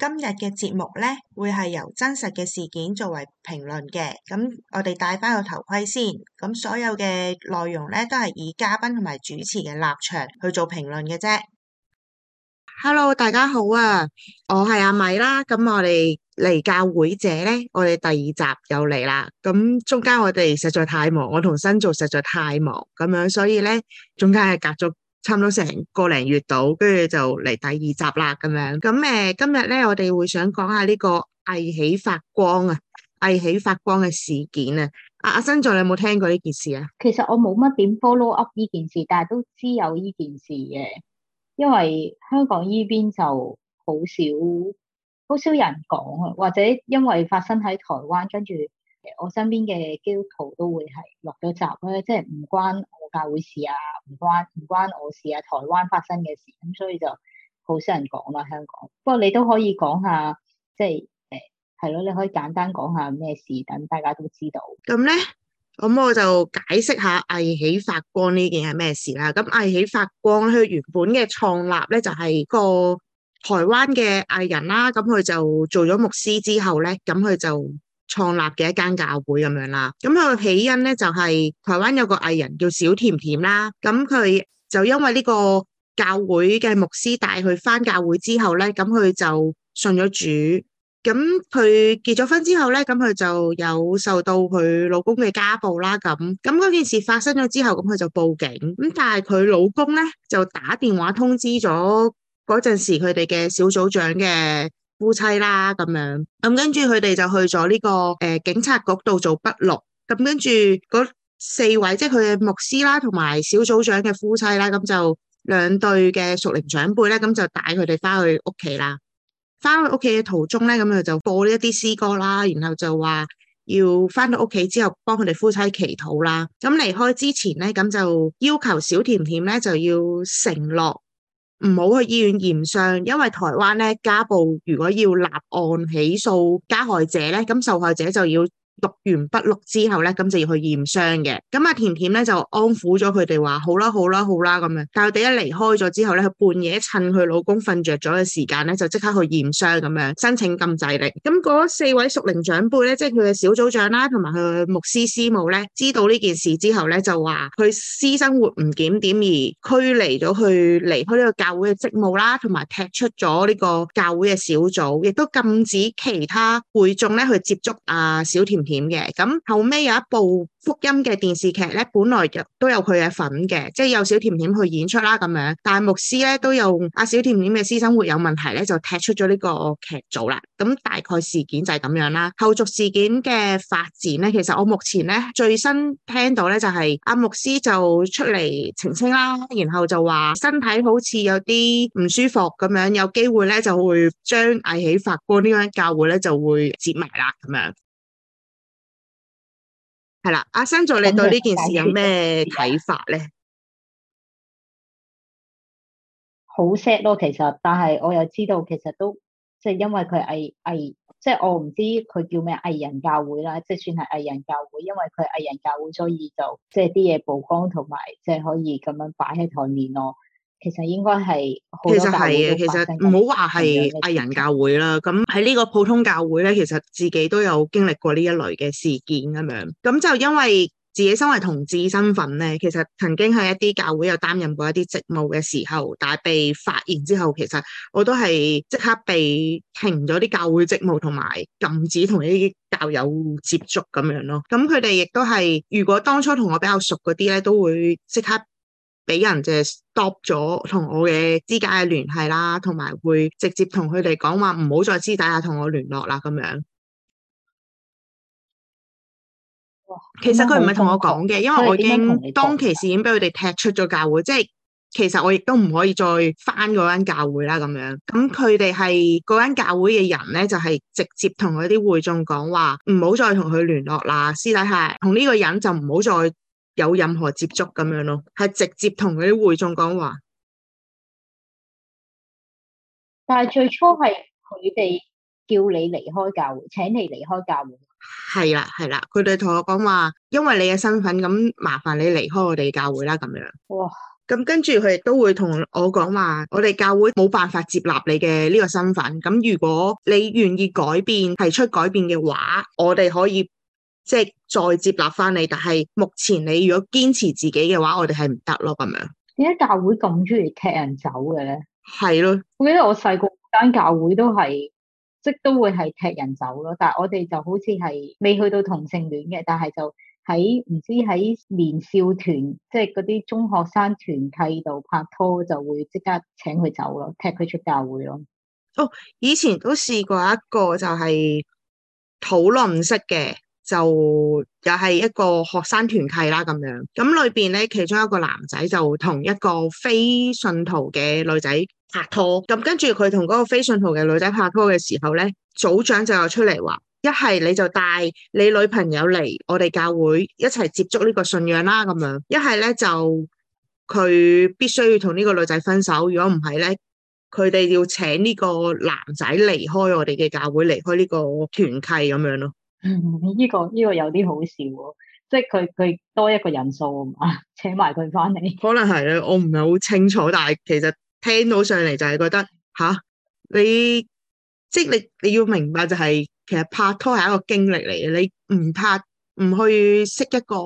今日嘅節目咧，會係由真實嘅事件作為評論嘅。咁我哋戴翻個頭盔先。咁所有嘅內容咧，都係以嘉賓同埋主持嘅立場去做評論嘅啫。Hello，大家好啊！我係阿米啦。咁我哋離教會者咧，我哋第二集又嚟啦。咁中間我哋實在太忙，我同新造實在太忙咁樣，所以咧中間係隔咗。差唔多成個零月到，跟住就嚟第二集啦咁樣。咁誒，今日咧我哋會想講下呢個藝起發光啊，藝起發光嘅事件啊。阿、啊、阿新在，你有冇聽過呢件事啊？其實我冇乜點 follow up 呢件事，但係都知有呢件事嘅，因為香港呢邊就好少，好少人講，或者因為發生喺台灣，跟住我身邊嘅基督徒都會係落咗閘咧，即係唔關。教會事啊，唔關唔關我事啊，台灣發生嘅事，咁所以就好少人講啦，香港。不過你都可以講下，即係誒係咯，你可以簡單講下咩事，等大家都知道。咁咧，咁我就解釋下藝起發光呢件係咩事啦。咁藝起發光佢原本嘅創立咧，就係、是、個台灣嘅藝人啦。咁佢就做咗牧師之後咧，咁佢就。創立嘅一間教會咁樣啦，咁佢嘅起因咧就係台灣有個藝人叫小甜甜啦，咁佢就因為呢個教會嘅牧師帶佢翻教會之後咧，咁佢就信咗主，咁佢結咗婚之後咧，咁佢就有受到佢老公嘅家暴啦，咁咁嗰件事發生咗之後，咁佢就報警，咁但係佢老公咧就打電話通知咗嗰陣時佢哋嘅小組長嘅。夫妻啦咁樣，咁跟住佢哋就去咗呢個誒、呃、警察局度做筆錄，咁跟住嗰四位即係佢嘅牧師啦，同埋小組長嘅夫妻啦，咁就兩對嘅熟齡長輩咧，咁就帶佢哋翻去屋企啦。翻去屋企嘅途中咧，咁佢就播呢一啲詩歌啦，然後就話要翻到屋企之後幫佢哋夫妻祈禱啦。咁離開之前咧，咁就要求小甜甜咧就要承諾。唔好去醫院驗傷，因為台灣呢，家暴，如果要立案起訴加害者呢，咁受害者就要。讀完筆錄之後咧，咁就要去驗傷嘅。咁阿甜甜咧就安撫咗佢哋話，好啦好啦好啦咁樣。但係佢哋一離開咗之後咧，佢半夜趁佢老公瞓着咗嘅時間咧，就即刻去驗傷咁樣，申請禁制令。咁嗰四位屬靈長輩咧，即係佢嘅小組長啦、啊，同埋佢牧師師母咧，知道呢件事之後咧，就話佢私生活唔檢點而驅離咗佢離開呢個教會嘅職務啦、啊，同埋踢出咗呢個教會嘅小組，亦都禁止其他會眾咧去接觸阿小甜甜。點嘅咁後尾有一部福音嘅電視劇咧，本來就都有佢嘅份嘅，即係有小甜甜去演出啦咁樣。但係牧師咧，都有阿小甜甜嘅私生活有問題咧，就踢出咗呢個劇組啦。咁大概事件就係咁樣啦。後續事件嘅發展咧，其實我目前咧最新聽到咧就係阿牧師就出嚟澄清啦，然後就話身體好似有啲唔舒服咁樣，有機會咧就會將藝起發光呢間教會咧就會接埋啦咁樣。係啦，阿生，就你對呢件事有咩睇法咧？好 sad 咯，其實，但係我又知道，其實都即係因為佢係藝藝，即係我唔知佢叫咩藝人教會啦，即係算係藝人教會，因為佢係藝人教會，所以就即係啲嘢曝光同埋，即係可以咁樣擺喺台面咯。其實應該係，其實係嘅。其實唔好話係藝人教會啦。咁喺呢個普通教會咧，其實自己都有經歷過呢一類嘅事件咁樣。咁就因為自己身為同志身份咧，其實曾經喺一啲教會有擔任過一啲職務嘅時候，但係被發現之後，其實我都係即刻被停咗啲教會職務，同埋禁止同啲教友接觸咁樣咯。咁佢哋亦都係，如果當初同我比較熟嗰啲咧，都會即刻。俾人就 stop 咗同我嘅之間嘅聯繫啦，同埋會直接同佢哋講話唔好再私底下同我聯絡啦咁樣。其實佢唔係同我講嘅，因為我已經當其時已經俾佢哋踢出咗教會，即係其實我亦都唔可以再翻嗰間教會啦咁樣。咁佢哋係嗰間教會嘅人咧，就係、是、直接同佢啲會眾講話，唔好再同佢聯絡啦，私底下同呢個人就唔好再。有任何接觸咁樣咯，係直接同嗰啲會眾講話。但係最初係佢哋叫你離開教會，請你離開教會？係啦，係啦，佢哋同我講話，因為你嘅身份，咁麻煩你離開我哋教會啦。咁樣哇，咁跟住佢哋都會同我講話，我哋教會冇辦法接納你嘅呢個身份。咁如果你願意改變，提出改變嘅話，我哋可以。即係再接納返你，但係目前你如果堅持自己嘅話，我哋係唔得咯咁樣。點解教會咁中意踢人走嘅咧？係咯，我記得我細個間教會都係即都會係踢人走咯，但係我哋就好似係未去到同性戀嘅，但係就喺唔知喺年少團，即係嗰啲中學生團契度拍拖，就會即刻請佢走咯，踢佢出教會咯。哦，以前都試過一個就係討論式嘅。就又係一個學生團契啦，咁樣咁裏邊咧，其中一個男仔就同一個非信徒嘅女仔拍拖，咁跟住佢同嗰個非信徒嘅女仔拍拖嘅時候咧，組長就有出嚟話：一係你就帶你女朋友嚟我哋教會一齊接觸呢個信仰啦，咁樣；一係咧就佢必須要同呢個女仔分手，如果唔係咧，佢哋要請呢個男仔離開我哋嘅教會，離開呢個團契咁樣咯。呢、嗯，這個呢、這個有啲好笑喎、哦，即係佢佢多一個人數啊，請埋佢返嚟，可能係啊。我唔係好清楚，但係其實聽到上嚟就係覺得吓你，即係你你要明白就係、是、其實拍拖係一個經歷嚟嘅，你唔拍唔去識一個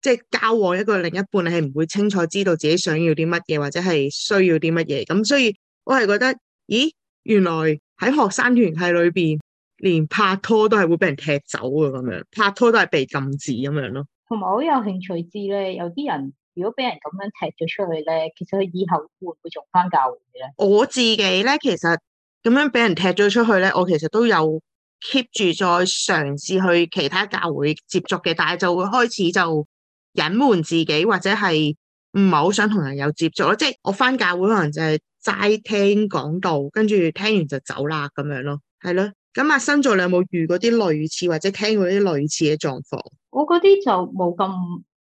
即係、就是、交往一個另一半，你係唔會清楚知道自己想要啲乜嘢或者係需要啲乜嘢，咁所以我係覺得，咦，原來喺學生團體裏邊。連拍拖都係會俾人踢走嘅咁樣，拍拖都係被禁止咁樣咯。同埋我好有興趣知咧，有啲人如果俾人咁樣踢咗出去咧，其實佢以後會唔會仲翻教會咧？我自己咧，其實咁樣俾人踢咗出去咧，我其實都有 keep 住再嘗試去其他教會接觸嘅，但係就會開始就隱瞞自己或者係唔係好想同人有接觸咯。即係我翻教會可能就係齋聽講道，跟住聽完就走啦咁樣咯，係咯。咁啊，星座你有冇遇過啲類似或者聽過啲類似嘅狀況？我嗰啲就冇咁，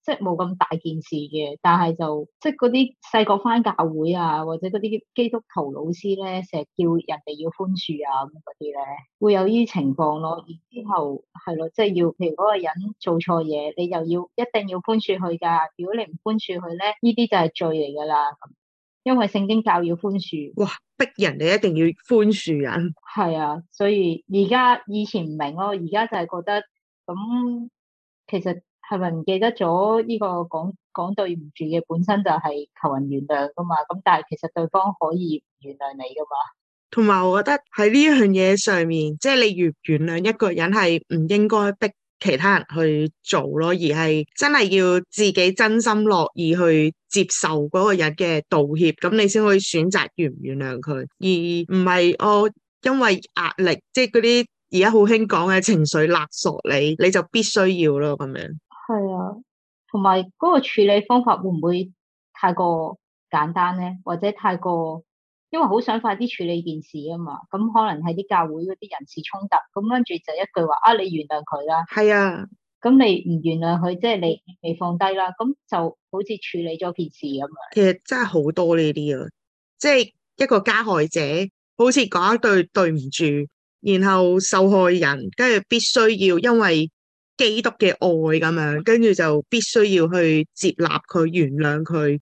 即係冇咁大件事嘅，但係就即係嗰啲細個返教會啊，或者嗰啲基督徒老師咧，成日叫人哋要寬恕啊咁嗰啲咧，會有呢啲情況咯。然之後係咯，即係要，譬如嗰個人做錯嘢，你又要一定要寬恕佢噶。如果你唔寬恕佢咧，呢啲就係罪嚟噶啦。因為聖經教要寬恕。哇！逼人哋一定要寬恕人。係啊，所以而家以前唔明咯，而家就係覺得咁、嗯，其實係咪唔記得咗呢個講講對唔住嘅，本身就係求人原諒噶嘛？咁但係其實對方可以原諒你噶嘛？同埋我覺得喺呢樣嘢上面，即係你越原諒一個人，係唔應該逼。其他人去做咯，而係真係要自己真心樂意去接受嗰個人嘅道歉，咁你先可以選擇原唔原諒佢，而唔係我因為壓力，即係嗰啲而家好興講嘅情緒勒索你，你就必須要咯，咁樣。係啊，同埋嗰個處理方法會唔會太過簡單咧，或者太過？因為好想快啲處理件事啊嘛，咁可能係啲教會嗰啲人事衝突，咁跟住就一句話啊，你原諒佢啦。係啊，咁你唔原諒佢，即係你未放低啦，咁就好似處理咗件事咁樣。其實真係好多呢啲啊，即係一個加害者，好似講一對對唔住，然後受害人跟住必須要因為基督嘅愛咁樣，跟住就必須要去接納佢、原諒佢。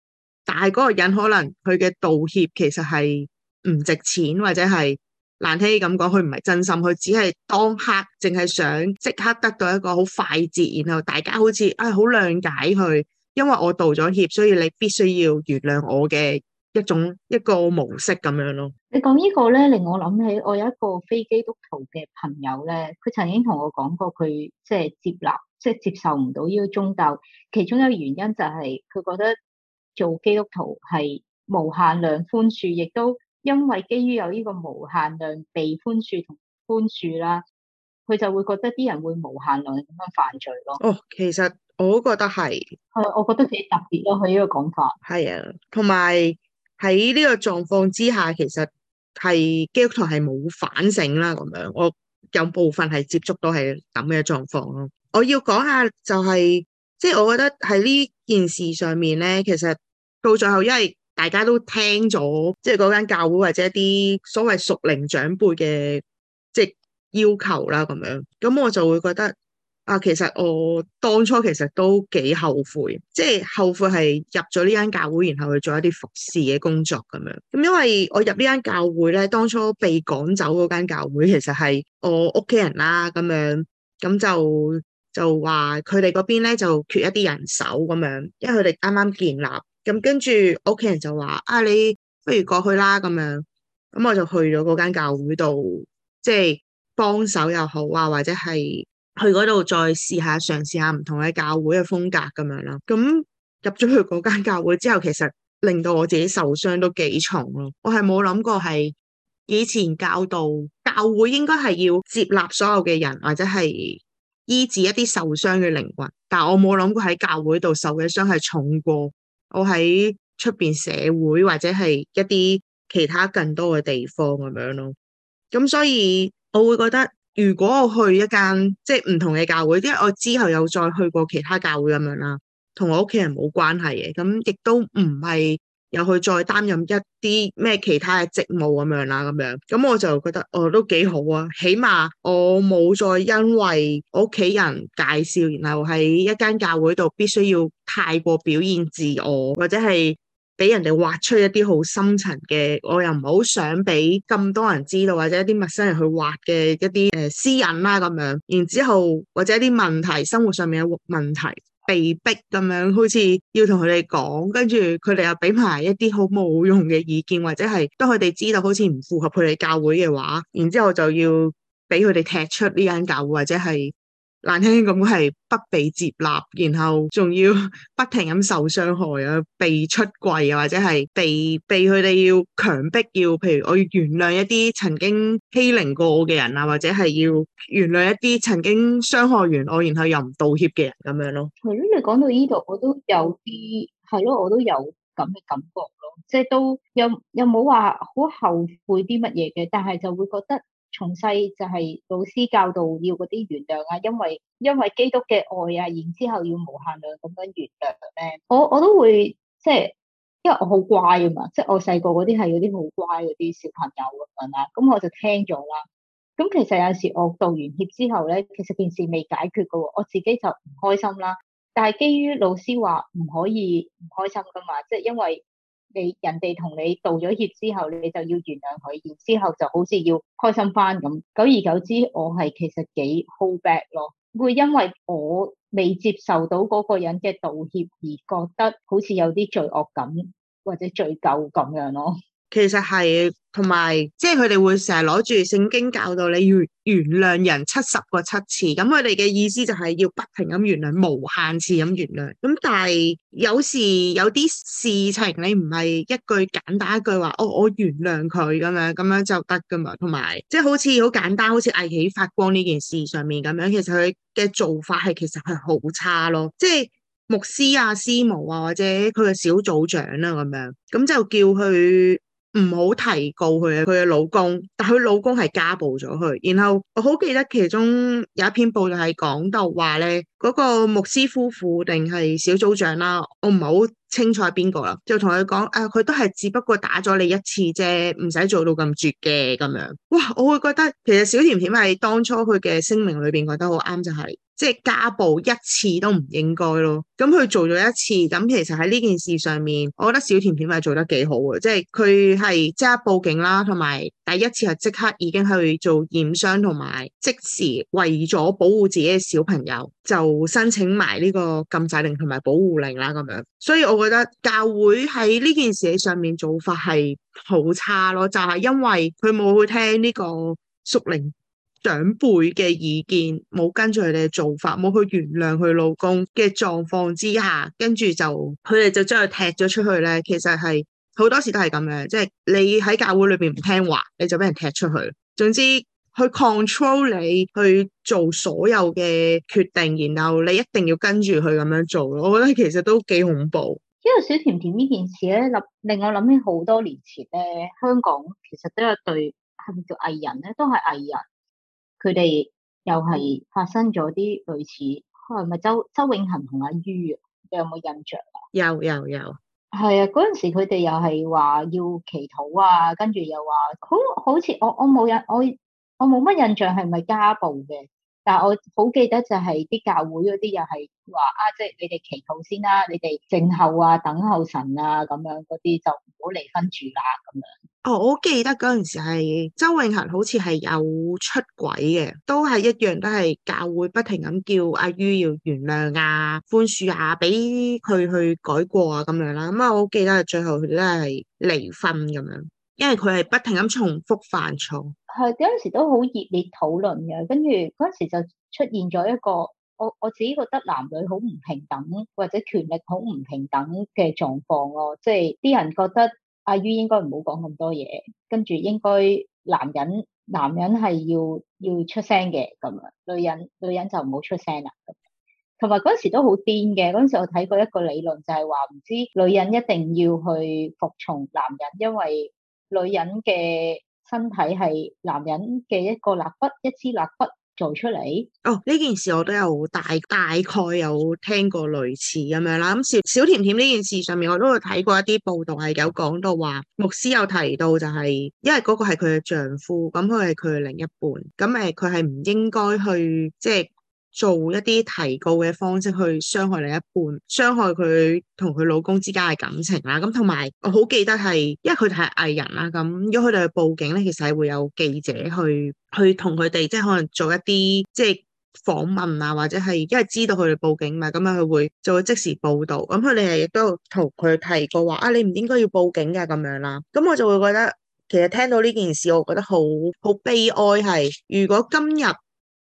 但係嗰個人可能佢嘅道歉其實係唔值錢，或者係難聽啲咁講，佢唔係真心，佢只係當刻淨係想即刻得到一個好快捷，然後大家好似啊好諒解佢，因為我道咗歉，所以你必須要原諒我嘅一種一個模式咁樣咯。你講呢個咧令我諗起，我有一個非基督徒嘅朋友咧，佢曾經同我講過，佢即係接納，即係接受唔到呢個宗教。其中一個原因就係佢覺得。做基督徒係無限量寬恕，亦都因為基於有呢個無限量被寬恕同寬恕啦，佢就會覺得啲人會無限量咁樣犯罪咯。哦，其實我覺得係，係、嗯，我覺得幾特別咯，佢、這、呢個講法。係啊，同埋喺呢個狀況之下，其實係基督徒係冇反省啦咁樣。我有部分係接觸到係咁嘅狀況咯。我要講下就係、是，即、就、係、是、我覺得喺呢件事上面咧，其實。到最後，因為大家都聽咗，即係嗰間教會或者一啲所謂熟齡長輩嘅即係要求啦，咁樣咁我就會覺得啊，其實我當初其實都幾後悔，即係後悔係入咗呢間教會，然後去做一啲服侍嘅工作咁樣。咁因為我入呢間教會咧，當初被趕走嗰間教會，其實係我屋企人啦，咁樣咁就就話佢哋嗰邊咧就缺一啲人手咁樣，因為佢哋啱啱建立。咁跟住，屋企人就話：啊，你不如過去啦。咁樣，咁我就去咗嗰間教會度，即係幫手又好啊，或者係去嗰度再試下嘗試下唔同嘅教會嘅風格咁樣啦。咁入咗去嗰間教會之後，其實令到我自己受傷都幾重咯。我係冇諗過係以前教導教會應該係要接納所有嘅人，或者係醫治一啲受傷嘅靈魂。但我冇諗過喺教會度受嘅傷係重過。我喺出邊社會或者係一啲其他更多嘅地方咁樣咯，咁所以我會覺得，如果我去一間即係唔同嘅教會，因為我之後有再去過其他教會咁樣啦，同我屋企人冇關係嘅，咁亦都唔係。又去再擔任一啲咩其他嘅職務咁樣啦，咁樣咁我就覺得哦都幾好啊，起碼我冇再因為屋企人介紹，然後喺一間教會度必須要太過表現自我，或者係俾人哋挖出一啲好深層嘅，我又唔好想俾咁多人知道，或者一啲陌生人去挖嘅一啲誒、呃、私隱啦咁樣，然之後或者一啲問題，生活上面嘅問題。被逼咁樣，好似要同佢哋講，跟住佢哋又俾埋一啲好冇用嘅意見，或者係當佢哋知道好似唔符合佢哋教會嘅話，然之後就要俾佢哋踢出呢間教會，或者係。難聽啲講，我係不被接納，然後仲要不停咁受傷害啊，被出櫃啊，或者係被被佢哋要強迫要，譬如我要原諒一啲曾經欺凌過我嘅人啊，或者係要原諒一啲曾經傷害完我，然後又唔道歉嘅人咁樣咯。係咯，你講到依度，我都有啲，係咯，我都有咁嘅感覺咯，即係都又又冇話好後悔啲乜嘢嘅，但係就會覺得。從細就係老師教導要嗰啲原諒啊，因為因為基督嘅愛啊，然之後要無限量咁樣原諒咧。我我都會，即係因為我好乖啊嘛，即係我細個嗰啲係嗰啲好乖嗰啲小朋友咁樣，咁我就聽咗啦。咁其實有時我道完歉之後咧，其實件事未解決噶，我自己就唔開心啦。但係基於老師話唔可以唔開心噶嘛，即係因為。你人哋同你道咗歉之後，你就要原諒佢，然之後就好似要開心返咁。久而久之，我係其實幾 hold back 咯，會因為我未接受到嗰個人嘅道歉而覺得好似有啲罪惡感或者罪疚咁樣咯。其實係同埋，即係佢哋會成日攞住聖經教導你要原諒人七十個七次，咁佢哋嘅意思就係要不停咁原諒，無限次咁原諒。咁但係有時有啲事情你唔係一句簡單一句話，哦我原諒佢咁樣，咁樣就得噶嘛。同埋即係好似好簡單，好似藝起發光呢件事上面咁樣，其實佢嘅做法係其實係好差咯。即係牧師啊、師母啊或者佢嘅小組長啦咁樣，咁就叫佢。唔好提告佢、佢嘅老公，但佢老公係家暴咗佢。然後我好記得其中有一篇報道係講到話咧，嗰個牧師夫婦定係小組長啦，我唔係好清楚係邊個啦。就同佢講，啊，佢都係只不過打咗你一次啫，唔使做到咁絕嘅咁樣。哇！我會覺得其實小甜甜係當初佢嘅聲明裏邊覺得好啱就係。即係家暴一次都唔應該咯，咁、嗯、佢做咗一次，咁其實喺呢件事上面，我覺得小甜甜係做得幾好嘅，即係佢係即刻報警啦，同埋第一次係即刻已經去做驗傷，同埋即時為咗保護自己嘅小朋友，就申請埋呢個禁制令同埋保護令啦咁樣。所以我覺得教會喺呢件事上面做法係好差咯，就係、是、因為佢冇去聽呢個縮令。長輩嘅意見冇跟住佢哋嘅做法，冇去原諒佢老公嘅狀況之下，跟住就佢哋就將佢踢咗出去咧。其實係好多時都係咁樣，即係你喺教會裏邊唔聽話，你就俾人踢出去。總之去 control 你去做所有嘅決定，然後你一定要跟住佢咁樣做咯。我覺得其實都幾恐怖。因為小甜甜呢件事咧，令令我諗起好多年前咧，香港其實都有對係咪叫藝人咧，都係藝人。佢哋又係發生咗啲類似，係咪周周永恆同阿於，你有冇印象啊？有有有，係啊！嗰陣時佢哋又係話要祈禱啊，跟住又話好好似我我冇印我我冇乜印象，係咪家暴嘅？但係我好記得就係啲教會嗰啲又係話啊，即係你哋祈禱先啦，你哋靜候啊，等候神啊，咁樣嗰啲就唔好離婚住啦咁樣。哦，我記得嗰陣時係周永恆好似係有出軌嘅，都係一樣都係教會不停咁叫阿於要原諒啊、寬恕啊、俾佢去改過啊咁樣啦。咁啊，我記得最後佢都係離婚咁樣。因為佢係不停咁重複犯錯，係嗰陣時都好熱烈討論嘅，跟住嗰陣時就出現咗一個我我自己覺得男女好唔平等，或者權力好唔平等嘅狀況咯，即係啲人覺得阿於應該唔好講咁多嘢，跟住應該男人男人係要要出聲嘅咁樣，女人女人就唔好出聲啦。同埋嗰陣時都好癲嘅，嗰陣時我睇過一個理論就係話唔知女人一定要去服從男人，因為。女人嘅身體係男人嘅一個肋骨，一支肋骨做出嚟。哦，呢件事我都有大大概有聽過類似咁樣啦。咁小小甜甜呢件事上面，我都有睇過一啲報道，係有講到話牧師有提到就係、是，因為嗰個係佢嘅丈夫，咁佢係佢嘅另一半，咁誒佢係唔應該去即係。做一啲提告嘅方式去傷害另一半，傷害佢同佢老公之間嘅感情啦。咁同埋我好記得係因為佢哋係藝人啦，咁如果佢哋去報警咧，其實係會有記者去去同佢哋，即係可能做一啲即係訪問啊，或者係因為知道佢哋報警嘛，咁樣，佢會就會即時報道。咁佢哋係亦都同佢提過話啊，你唔應該要報警嘅咁樣啦。咁我就會覺得其實聽到呢件事，我覺得好好悲哀係，如果今日。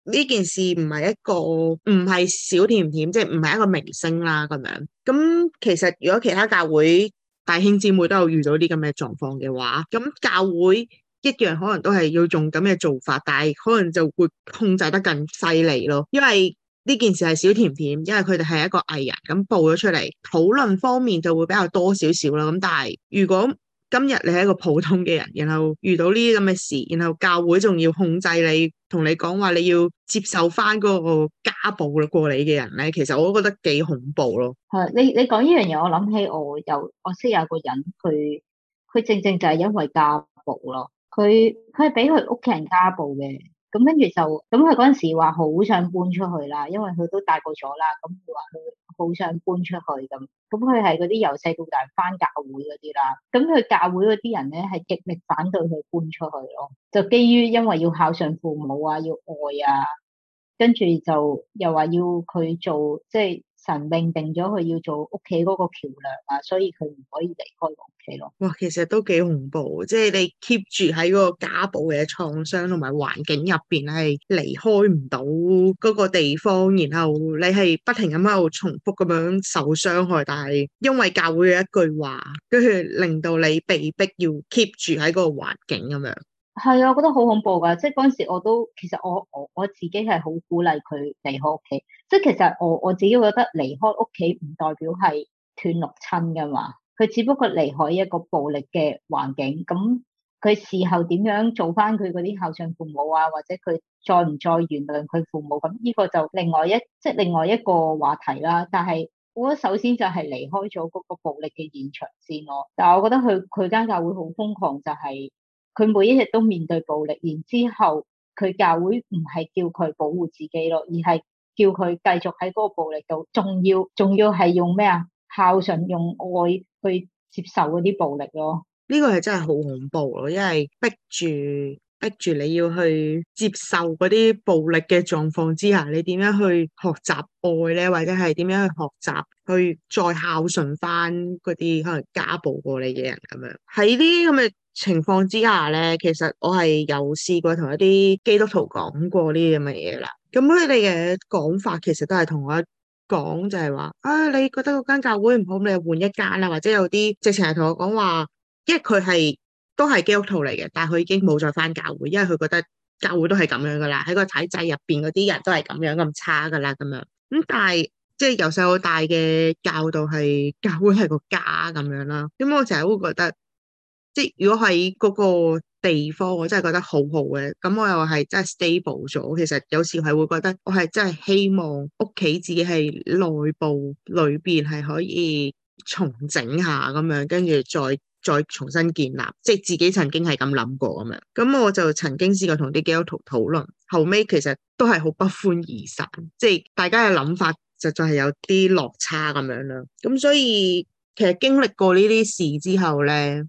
呢件事唔係一個唔係小甜甜，即係唔係一個明星啦咁樣。咁其實如果其他教會弟兄姊妹都有遇到啲咁嘅狀況嘅話，咁教會一樣可能都係要用咁嘅做法，但係可能就會控制得更犀利咯。因為呢件事係小甜甜，因為佢哋係一個藝人咁報咗出嚟，討論方面就會比較多少少啦。咁但係如果，今日你係一個普通嘅人，然後遇到呢啲咁嘅事，然後教會仲要控制你，同你講話你要接受翻嗰個家暴過你嘅人咧，其實我覺得幾恐怖咯。係你你講呢樣嘢，我諗起我有我識有個人，佢佢正正就係因為家暴咯，佢佢係俾佢屋企人家暴嘅，咁跟住就咁佢嗰陣時話好想搬出去啦，因為佢都大個咗啦，咁佢話。好想搬出去咁，咁佢係嗰啲由細到大返教會嗰啲啦，咁佢教會嗰啲人咧係極力反對佢搬出去咯，就基於因為要孝順父母啊，要愛啊，跟住就又話要佢做，即係神命定咗佢要做屋企嗰個橋梁啊，所以佢唔可以離開我。哇，其實都幾恐怖，即係你 keep 住喺嗰個家暴嘅創傷同埋環境入邊，係離開唔到嗰個地方，然後你係不停咁喺度重複咁樣受傷害。但係因為教會嘅一句話，跟住令到你被逼要 keep 住喺嗰個環境咁樣。係啊，我覺得好恐怖噶，即係嗰陣時我都其實我我我自己係好鼓勵佢離開屋企。即係其實我我自己覺得離開屋企唔代表係斷六親噶嘛。佢只不過離開一個暴力嘅環境，咁佢事後點樣做翻佢嗰啲孝順父母啊，或者佢再唔再原諒佢父母？咁呢個就另外一，即係另外一個話題啦。但係我，我覺得首先就係離開咗嗰個暴力嘅現場先咯。但係我覺得佢佢間教會好瘋狂，就係佢每一日都面對暴力，然之後佢教會唔係叫佢保護自己咯，而係叫佢繼續喺嗰個暴力度，仲要仲要係用咩啊？孝順，用愛去接受嗰啲暴力咯，呢個係真係好恐怖咯，因為逼住逼住你要去接受嗰啲暴力嘅狀況之下，你點樣去學習愛咧，或者係點樣去學習去再孝順翻嗰啲可能家暴過你嘅人咁樣？喺呢啲咁嘅情況之下咧，其實我係有試過同一啲基督徒講過呢啲咁嘅嘢啦，咁佢哋嘅講法其實都係同我一。講就係話啊，你覺得嗰間教會唔好，你換一間啦，或者有啲直情係同我講話，因為佢係都係基督徒嚟嘅，但係佢已經冇再返教會，因為佢覺得教會都係咁樣噶啦，喺個體制入邊嗰啲人都係咁樣咁差噶啦咁樣。咁但係即係由細到大嘅教導係教會係個家咁樣啦。咁我成日都會覺得，即係如果喺嗰個地方我真係覺得好好嘅，咁我又係真係 stable 咗。其實有時係會覺得，我係真係希望屋企自己係內部裏邊係可以重整下咁樣，跟住再再重新建立，即係自己曾經係咁諗過咁樣。咁我就曾經試過同啲基督徒討論，後尾其實都係好不歡而散，即係大家嘅諗法實在係有啲落差咁樣啦。咁所以其實經歷過呢啲事之後咧。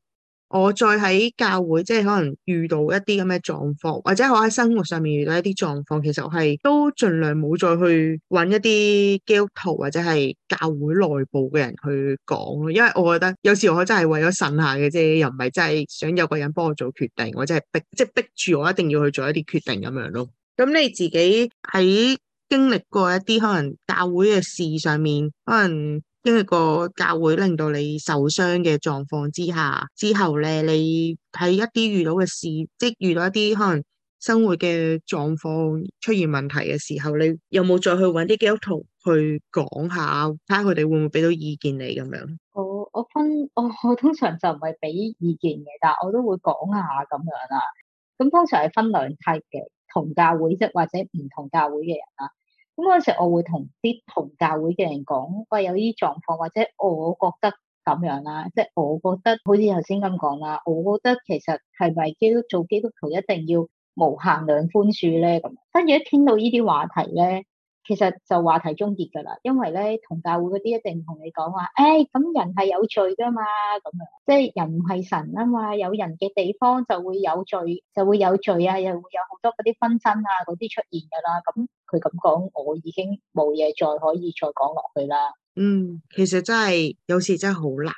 我再喺教會，即係可能遇到一啲咁嘅狀況，或者我喺生活上面遇到一啲狀況，其實係都盡量冇再去揾一啲基督徒或者係教會內部嘅人去講咯，因為我覺得有時我真係為咗神下嘅啫，又唔係真係想有個人幫我做決定或者係逼，即係逼住我一定要去做一啲決定咁樣咯。咁你自己喺經歷過一啲可能教會嘅事上面，可能？因為個教會令到你受傷嘅狀況之下，之後咧，你喺一啲遇到嘅事，即係遇到一啲可能生活嘅狀況出現問題嘅時候，你有冇再去揾啲基督徒去講下，睇下佢哋會唔會俾到意見你咁樣？我我分我，哦、我通常就唔係俾意見嘅，但係我都會講下咁樣啦。咁通常係分兩批嘅，同教會即係或者唔同教會嘅人啊。咁嗰陣時我會同啲同教會嘅人講，喂，有啲狀況或者我覺得咁樣啦，即係我覺得好似頭先咁講啦，我覺得其實係咪基督做基督徒一定要無限量寬恕咧咁，跟住一傾到呢啲話題咧。其實就話題終結噶啦，因為咧同教會嗰啲一定同你講話，誒、哎、咁人係有罪噶嘛，咁樣即係、就是、人唔係神啊嘛，有人嘅地方就會有罪，就會有罪啊，又會有好多嗰啲紛爭啊嗰啲出現噶啦。咁佢咁講，我已經冇嘢再可以再講落去啦。嗯，其實真係有時真係好難，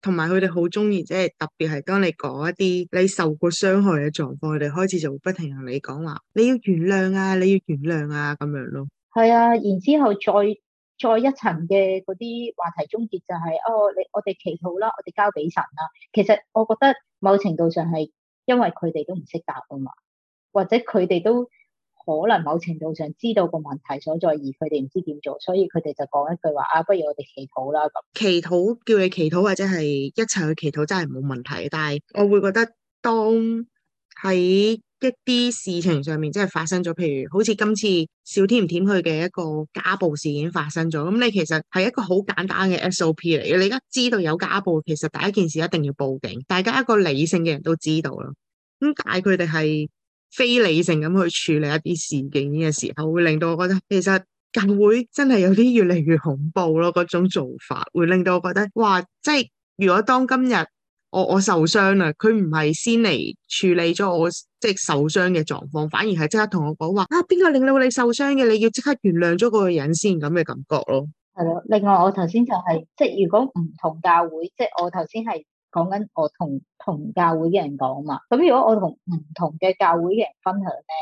同埋佢哋好中意即係特別係當你講一啲你受過傷害嘅狀況，佢哋開始就會不停同你講話，你要原諒啊，你要原諒啊咁樣咯。係啊，然之後再再一層嘅嗰啲話題終結就係，哦，你我哋祈禱啦，我哋交俾神啦。其實我覺得某程度上係因為佢哋都唔識答啊嘛，或者佢哋都可能某程度上知道個問題所在，而佢哋唔知點做，所以佢哋就講一句話啊，不如我哋祈禱啦咁。祈禱叫你祈禱或者係一齊去祈禱真係冇問題，但係我會覺得當喺一啲事情上面即係發生咗，譬如好似今次少添唔添佢嘅一個家暴事件發生咗，咁你其實係一個好簡單嘅 SOP 嚟嘅。你而家知道有家暴，其實第一件事一定要報警。大家一個理性嘅人都知道咯。咁但係佢哋係非理性咁去處理一啲事件嘅時候，會令到我覺得其實教會真係有啲越嚟越恐怖咯。嗰種做法會令到我覺得，哇！即係如果當今日。我我受傷啦，佢唔係先嚟處理咗我即係受傷嘅狀況，反而係即刻同我講話啊！邊個令到你受傷嘅？你要即刻原諒咗嗰個人先，咁嘅感覺咯。係咯。另外我、就是，我頭先就係即係如果唔同教會，即係我頭先係講緊我同同教會嘅人講嘛。咁如果我同唔同嘅教會嘅人分享咧，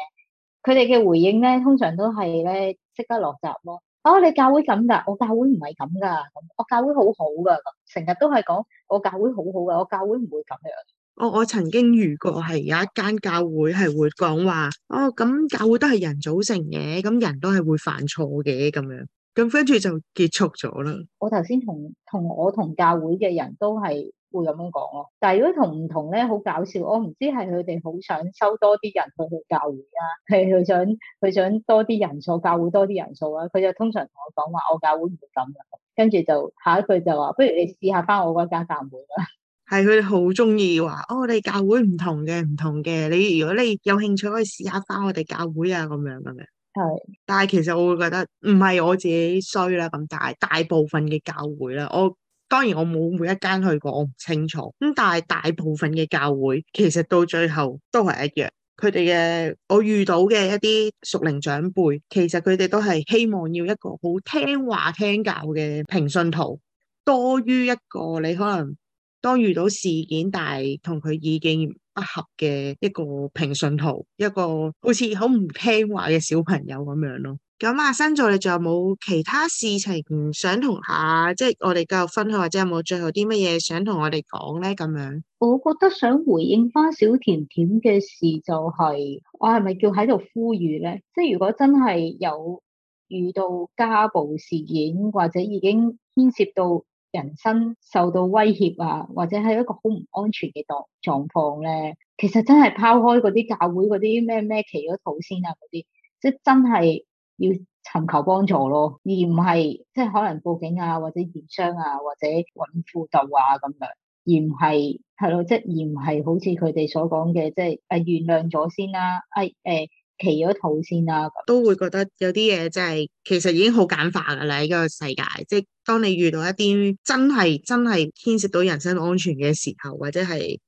佢哋嘅回應咧，通常都係咧即刻落閘咯。哦，你教會咁噶？我教會唔係咁噶，我教會好好噶，成日都係講我教會好好噶，我教會唔會咁樣。我我曾經遇過係有一間教會係會講話，哦，咁教會都係人組成嘅，咁人都係會犯錯嘅咁樣，咁跟住就結束咗啦。我頭先同同我同教會嘅人都係。會咁樣講咯，但係如果同唔同咧，好搞笑。我唔知係佢哋好想收多啲人去去教會啊，係佢想佢想多啲人數教會多啲人數啊。佢就通常同我講話，我教會唔會咁樣，跟住就下一句就話，不如你試下翻我嗰間教會啦。係佢哋好中意話，哦，我哋教會唔同嘅，唔同嘅。你如果你有興趣，可以試下翻我哋教會啊，咁樣咁樣。係。是但係其實我會覺得唔係我自己衰啦，咁大大部分嘅教會啦，我。當然我冇每一間去過，我唔清楚。咁但係大部分嘅教會其實到最後都係一樣，佢哋嘅我遇到嘅一啲熟齡長輩，其實佢哋都係希望要一個好聽話聽教嘅平信徒，多於一個你可能當遇到事件，但係同佢意見不合嘅一個平信徒，一個好似好唔聽話嘅小朋友咁樣咯。咁阿新座你仲有冇其他事情想同下？即係我哋教育分開，或者有冇最後啲乜嘢想同我哋講咧？咁樣，我覺得想回應翻小甜甜嘅事就係、是，我係咪叫喺度呼籲咧？即係如果真係有遇到家暴事件，或者已經牽涉到人身受到威脅啊，或者係一個好唔安全嘅狀狀況咧，其實真係拋開嗰啲教會嗰啲咩咩祈咗禱先啊嗰啲，即係真係。要尋求幫助咯，而唔係即係可能報警啊，或者驗傷啊，或者揾輔導啊咁樣，而唔係係咯，即係而唔係好似佢哋所講嘅，即係誒原諒咗先啦，啊，誒誒祈咗禱先啦，啊，都會覺得有啲嘢即係其實已經好簡化㗎啦，喺個世界，即係當你遇到一啲真係真係牽涉到人身安全嘅時候，或者係。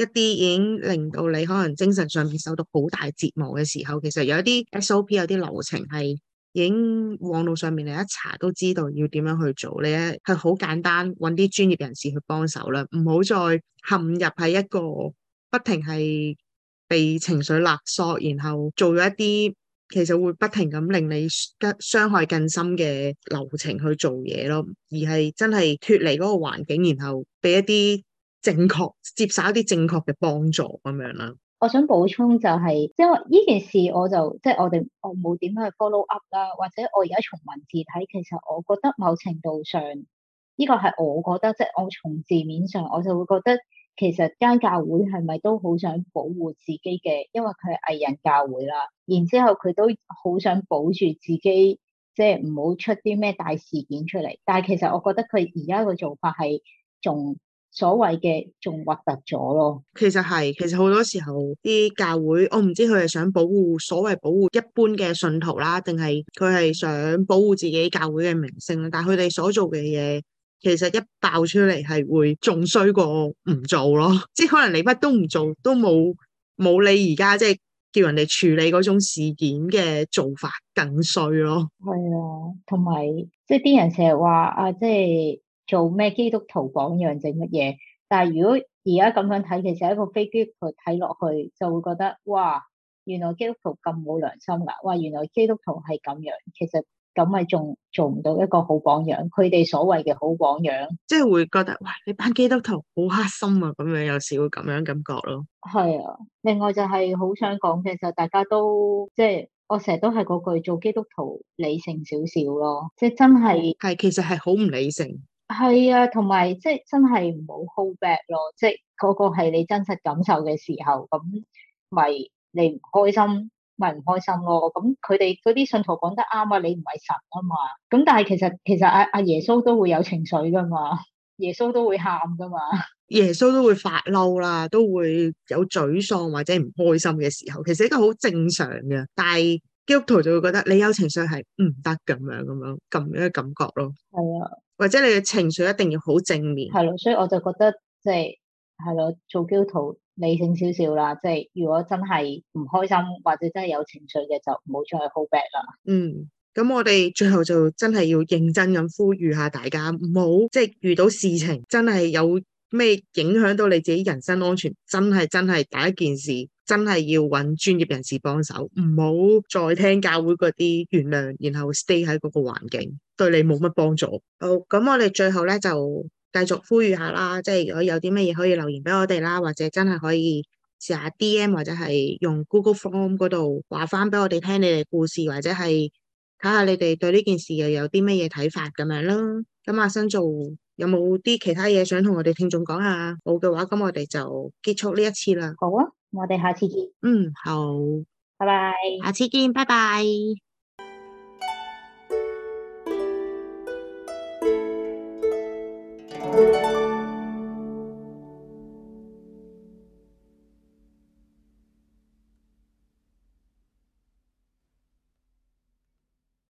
一啲已經令到你可能精神上面受到好大折磨嘅時候，其實有一啲 SOP 有啲流程係已經網路上面你一查都知道要點樣去做，你係好簡單搵啲專業人士去幫手啦，唔好再陷入喺一個不停係被情緒勒索，然後做咗一啲其實會不停咁令你傷害更深嘅流程去做嘢咯，而係真係脫離嗰個環境，然後俾一啲。正確接受一啲正確嘅幫助咁樣啦。我想補充就係，因為呢件事我就即係我哋我冇點去 follow up 啦，或者我而家從文字睇，其實我覺得某程度上，呢個係我覺得即係我從字面上我就會覺得，其實間教會係咪都好想保護自己嘅，因為佢係藝人教會啦。然之後佢都好想保住自己，即係唔好出啲咩大事件出嚟。但係其實我覺得佢而家個做法係仲。所謂嘅仲核突咗咯，其實係，其實好多時候啲教會，我唔知佢係想保護所謂保護一般嘅信徒啦，定係佢係想保護自己教會嘅名聲咧？但係佢哋所做嘅嘢，其實一爆出嚟係會仲衰過唔做咯， 即係可能你乜都唔做，都冇冇你而家即係叫人哋處理嗰種事件嘅做法更衰咯。係啊，同埋即係啲人成日話啊，即係。做咩基督徒榜樣定乜嘢？但係如果而家咁樣睇，其實一個非基督徒佢睇落去，就會覺得哇，原來基督徒咁冇良心噶！哇，原來基督徒係咁、啊、樣，其實咁咪仲做唔到一個好榜樣。佢哋所謂嘅好榜樣，即係會覺得哇，你班基督徒好黑心啊！咁樣有時會咁樣感覺咯。係啊，另外就係好想講嘅就大家都即係我成日都係嗰句做基督徒理性少少咯，即係真係係其實係好唔理性。係啊，同埋即係真係唔好 hold back 咯，即係嗰個係你真實感受嘅時候，咁咪你唔開心咪唔開心咯。咁佢哋嗰啲信徒講得啱啊，你唔係神啊嘛。咁但係其實其實阿阿耶穌都會有情緒噶嘛，耶穌都會喊噶嘛，耶穌都會發嬲啦，都會有沮喪或者唔開心嘅時候，其實呢個好正常嘅，但係基督徒就會覺得你有情緒係唔得咁樣咁樣咁樣嘅感覺咯。係啊。或者你嘅情緒一定要好正面，係咯，所以我就覺得即係，係咯，做基督徒理性少少啦。即係如果真係唔開心，或者真係有情緒嘅，就唔好出去 hold back 啦。嗯，咁我哋最後就真係要認真咁呼籲下大家，唔好即係遇到事情真係有咩影響到你自己人身安全，真係真係第一件事。真係要搵專業人士幫手，唔好再聽教會嗰啲原諒，然後 stay 喺嗰個環境，對你冇乜幫助。好，咁我哋最後咧就繼續呼籲下啦，即係如果有啲咩嘢可以留言俾我哋啦，或者真係可以試下 DM 或者係用 Google Form 嗰度話翻俾我哋聽你哋故事，或者係睇下你哋對呢件事又有啲咩嘢睇法咁樣囉。咁阿新做有冇啲其他嘢想同我哋聽眾講下？冇嘅話，咁我哋就結束呢一次啦。好啊。我哋下次見。嗯，好。拜拜。下次見，拜拜。